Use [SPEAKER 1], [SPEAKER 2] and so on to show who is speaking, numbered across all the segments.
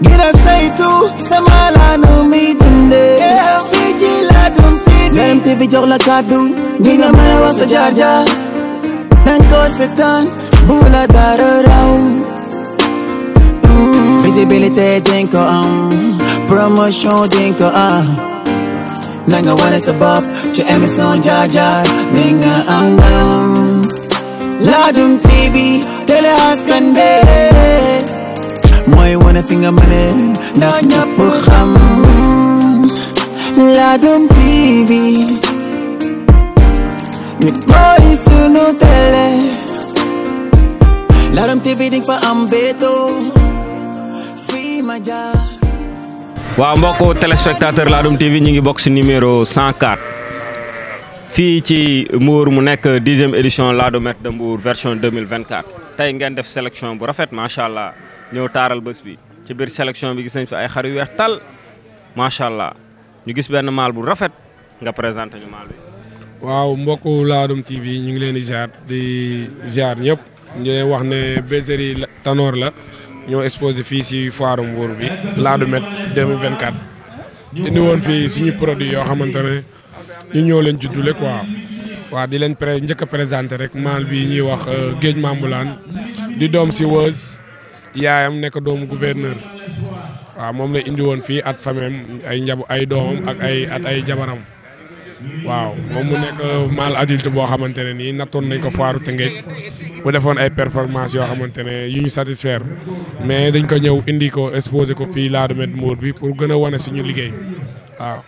[SPEAKER 1] ngir a sama jox la kàddu. mi nga mën sa jaar jaar. la dara raw. Mm. visibilité dinga ko am promotion dinga ko am. nanga
[SPEAKER 2] wane sa ci émission jaar jaar nga am ndam. Ladoum TV télé askan mooy wane
[SPEAKER 1] fi nga mëne ndax ñëpp xam Ladoum TV ñu mooy sunu télé Ladoum TV di fa am béto fii ma jaar waaw mbokku téléspectateur Ladoum TV ñu ngi bokk ci numéro 104 fii ci Mbour mu nekk dixième édition Ladoum de Mbour version 2024 tey ngeen def sélection bu rafet macha allah ñëw taaral bés bi ci biir sélection bi gis nañ fi ay xar yu weex tal macha allah ñu gis benn maal bu rafet nga présenté ñu maal bi.
[SPEAKER 2] waaw mbokku Ladoum TV ñu ngi leen di ziar di ziar ñëpp ñu leen wax ne bergerie Tanor la ñoo exposé fii si foire Mbour bi Ladoumette 2024. indi woon fii suñu produit yoo xamante ne ñu ñoo leen juddule quoi. waaw di leen pré njëkk a rek maal bi ñuy wax euh, géej mambulaan di doom si wëz. yaayam nekk doomu gouverneur waaw moom la indi woon fii at famem ay njab ay doomam ak ay jabaram waaw moom mu nekk mal adulte boo xamante ne nii nattoon nañ ko foiru Tëngéej bu defoon ay performance yoo xamante ne yu ñu satisfaire mais dañ ko ñëw indi ko exposé ko fii Ladu Met bi pour gën a wane suñu liggéey waaw.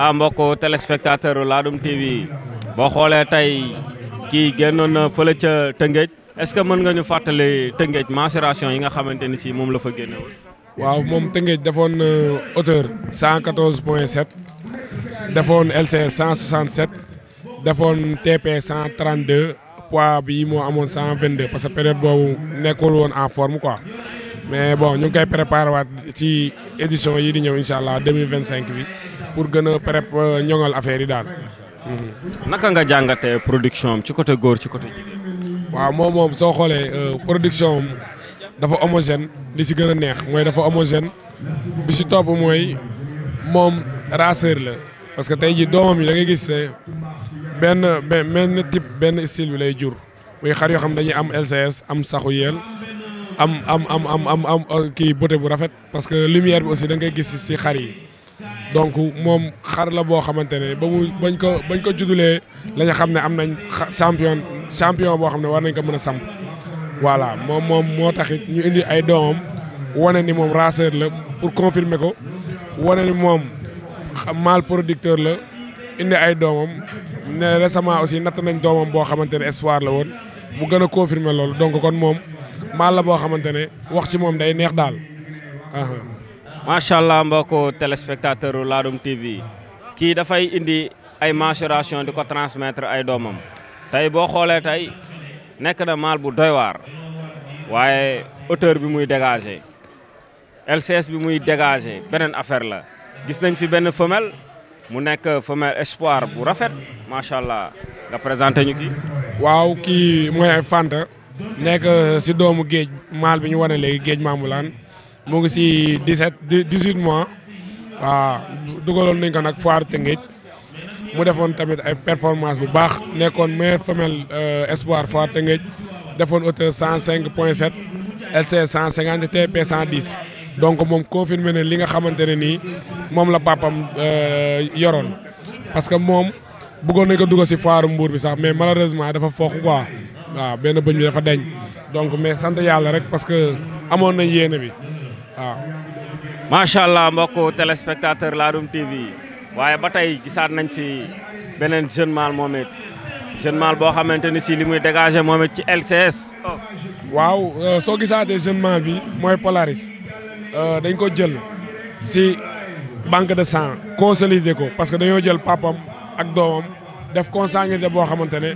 [SPEAKER 1] ah mbokk téléspectateur Ladoum TV boo xoolee tey kii génnoon na fële ca est-ce que mën nga ñu fàttali Tëngéej mensuration yi nga xamante ni si
[SPEAKER 2] moom la fa génne waaw moom Tëngéej defoon hauteur euh, 114 point 7 defoon LCS 167 defoon TP 132 poids bi moo amoon 122 parce que période boobu nekkul woon en forme quoi mais bon ñu ngi koy préparé waat ci édition yi di ñëw incha allah cinq bi pour gën a prép euh, ñoŋal affaire yi daal.
[SPEAKER 1] naka nga jàngatee production ci côté góor
[SPEAKER 2] ci côté jigéen. waaw moom moom soo xoolee euh, production dafa homogène li si gën a neex mooy dafa homogène bi si topp mooy moom rasseur la parce que tey jii doomam yi da ngay gis benn benn type benn style bi lay jur muy xar yoo xam dañuy am LCS am saxu yeel am am am am am am kii beauté bu rafet parce que lumière bi aussi da ngay gis si xar yi donc moom xar la boo xamante ne ba mu bañ ko bañ ko juddulee la ñu xam ne am nañ champion champion boo xam ne war nañ ko mën a samp voilà moom moom moo taxit ñu indi ay doomam wane ni moom raceur la pour confirmer ko wane ni moom mal producteur la indi ay doomam ne récemment aussi natt nañ doomam boo xamante ne espoir la woon mu gën a confirmer loolu donc kon moom maal la boo xamante ne wax ci moom day neex daal macha allah mbokku téléspectateur u Ladoum TV
[SPEAKER 1] kii dafay indi ay mensuration di ko transmettre ay doomam tey boo xoolee tey nekk na maal bu doy waar waaye hauteur bi muy dégagé LCS bi muy dégagé beneen affaire la gis nañ fi benn femelle
[SPEAKER 2] mu nekk femelle espoir bu rafet macha allah nga présenté ñu kii. waaw kii mooy Fanta. nekk si doomu géej maal bi ñu wane léegi géej Mamoulaan mu ngi si 17 18 mois waaw dugaloon nañ ko nag foire Tëngéej mu defoon tamit ay performance bu baax nekkoon meilleure femelle euh, espoir foire Tëngéej defoon hauteur 105 point 7 LC 150 TP 110 donc moom confirmé ne li nga xamante ne nii moom la papam euh, yoroon parce que moom bëggoon nañ ko dugal si foire Mbour bi sax mais malheureusement dafa foox quoi waaw benn bëñ bi dafa deñ donc mais sant yàlla rek parce que amoon nañ yéene bi
[SPEAKER 1] waaw macha allah mbokk téléspectateur Ladoum TV waaye ba tey gisaat nañ fi beneen jeune mâle moom it jeune mâle boo xamante ni si li
[SPEAKER 2] muy dégagé moom it ci LCS. waaw euh, soo gisaatee jeune mâle bi mooy Polaris euh, dañ ko jël si banque de sang consolider ko parce que dañoo jël papam ak doomam def consanguinité boo xamante ne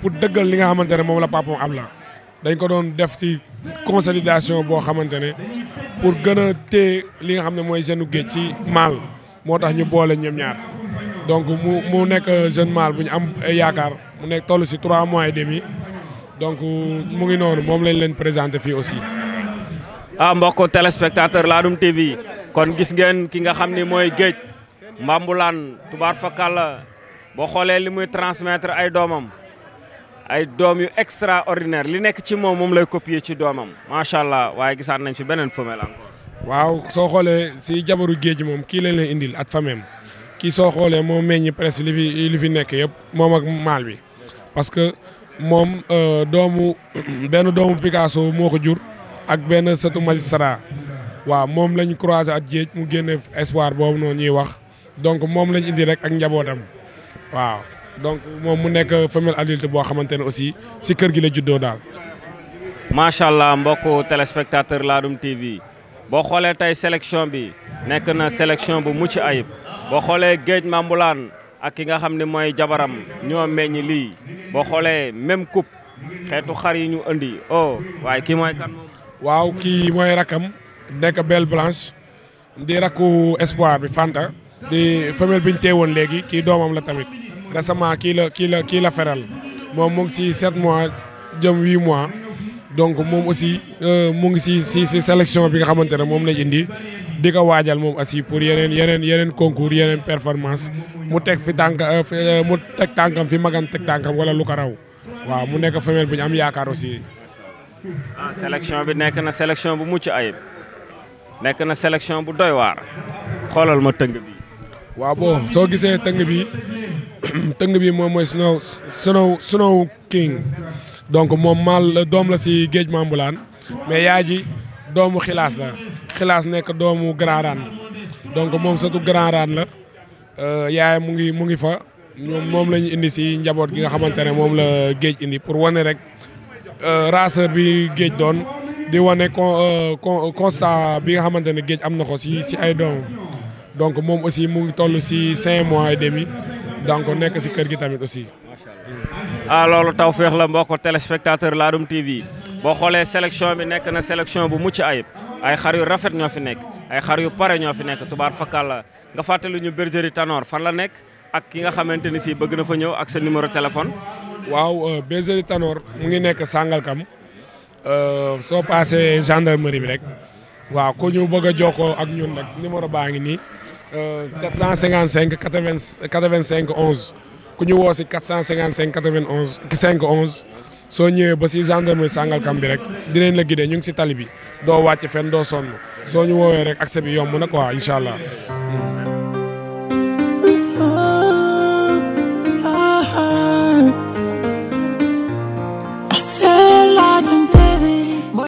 [SPEAKER 2] pour dëggal li nga xamante ne moom la papam am la dañ ko doon def ci. consolidation boo xamante ne pour gën a li nga xam ne mooy jeune géej si maal moo tax ñu boole ñoom ñaar donc mu mu nekk jeune maal bu ñu am yaakaar mu nekk toll si trois mois et demi donc mu ngi noonu moom lañ leen présenté fii aussi. ah
[SPEAKER 1] mbokk téléspectateur Ladoum TV kon gis ngeen ki nga xam ni mooy géej Mbambulaan tubaar fakal la boo xoolee li muy transmettre ay doomam. ay doom yu extraordinaire li nekk ci moom moom lay copier ci doomam macha allah waaye gisaat nañ fi beneen
[SPEAKER 2] femelle encore. waaw soo xoolee si jabaru géej moom kii lañ leen indil at fameem kii soo xoolee moo meññi presque li fi li fi nekk yëpp moom ak maal bi parce que moom euh, doomu benn doomu Picasso moo ko jur ak benn sëtu magistrat waaw moom lañu croisé at géej mu génne espoir boobu noonu ñuy wax donc moom lañ indi rek ak njabootam waaw donc moom mu nekk femelle adulte boo xamante ne aussi si kër gi la juddoo daal.
[SPEAKER 1] macha allah mbokku téléspectateur Ladoum TV boo xoolee tey sélection bi nekk na sélection bu mucc ayib boo xoolee géej mambulaan ak ki nga xam ne mooy jabaram ñoo meññ lii boo xoolee même
[SPEAKER 2] coupe xeetu xar yi ñu indi oh waaye kii mooy kan waaw kii mooy rakam nekk belle blanche di rakku espoir bi Fanta di femelle bi ñu teewoon léegi kii doomam la tamit. récemment kii la kii la kii la feral moom mu si set mois jëm wii mois donc moom aussi euh, mu ngi si si si sélection bi nga xamante ne moom lañ indi di ko waajal moom aussi pour yeneen yeneen yeneen concours yeneen performance mu teg fi tànk euh, euh, mu teg tànkam fi magan teg tànkam wala lu ko raw waaw mu nekk femelle bu ñu am yaakaar aussi.
[SPEAKER 1] ah bi nekk na sélection bu mucc ayib nekk na sélection bu doy waar
[SPEAKER 2] xoolal ma tëng waaw bon soo gisee tëng tëng bii moom mooy snow snow snow king donc moom maal doom la si géej mambulaan mais yaay ji doomu xilaas la xilaas nekk doomu grand raan donc moom satu grand raan la euh, yaay mu ngi mu ngi fa ñoom moom la ñu indi si njaboot gi nga xamante ne moom la géej indi pour wane rek euh, raseur bi géej doon di wane euh, constat bi nga xamante ne géej am na ko si si ay doom donc moom aussi mu ngi toll si sin mois et demi donc nekk si kër gi tamit aussi. ah loolu taw féex la
[SPEAKER 1] mbokk téléspectateur Ladoum TV boo xoolee sélection bi nekk na sélection bu mucc ayib ay xar yu rafet ñoo fi nekk ay xar yu pare ñoo fi nekk tubaar fakkal la nga fàttali ñu bergerie tanoor fan
[SPEAKER 2] la nekk ak ki nga xamante ni si bëgg na fa ñëw ak sa numéro téléphone. waaw euh, bergerie Tanor mu ngi nekk Sangalkam euh, soo paasee gendarmerie bi rek waaw ku ñu bëgg a jokkoo ak ñun nag numéro baa ngi nii. 455 80 85 11 ku ñu woo si 455 91 5 11 soo ñëwee ba si gendarmerie Sangalkam bi rek dinañ la guider ñu ngi si tali bi doo wàcc fen doo sonn soo ñu woowee rek accès bi yomb na ko quoi incha allah.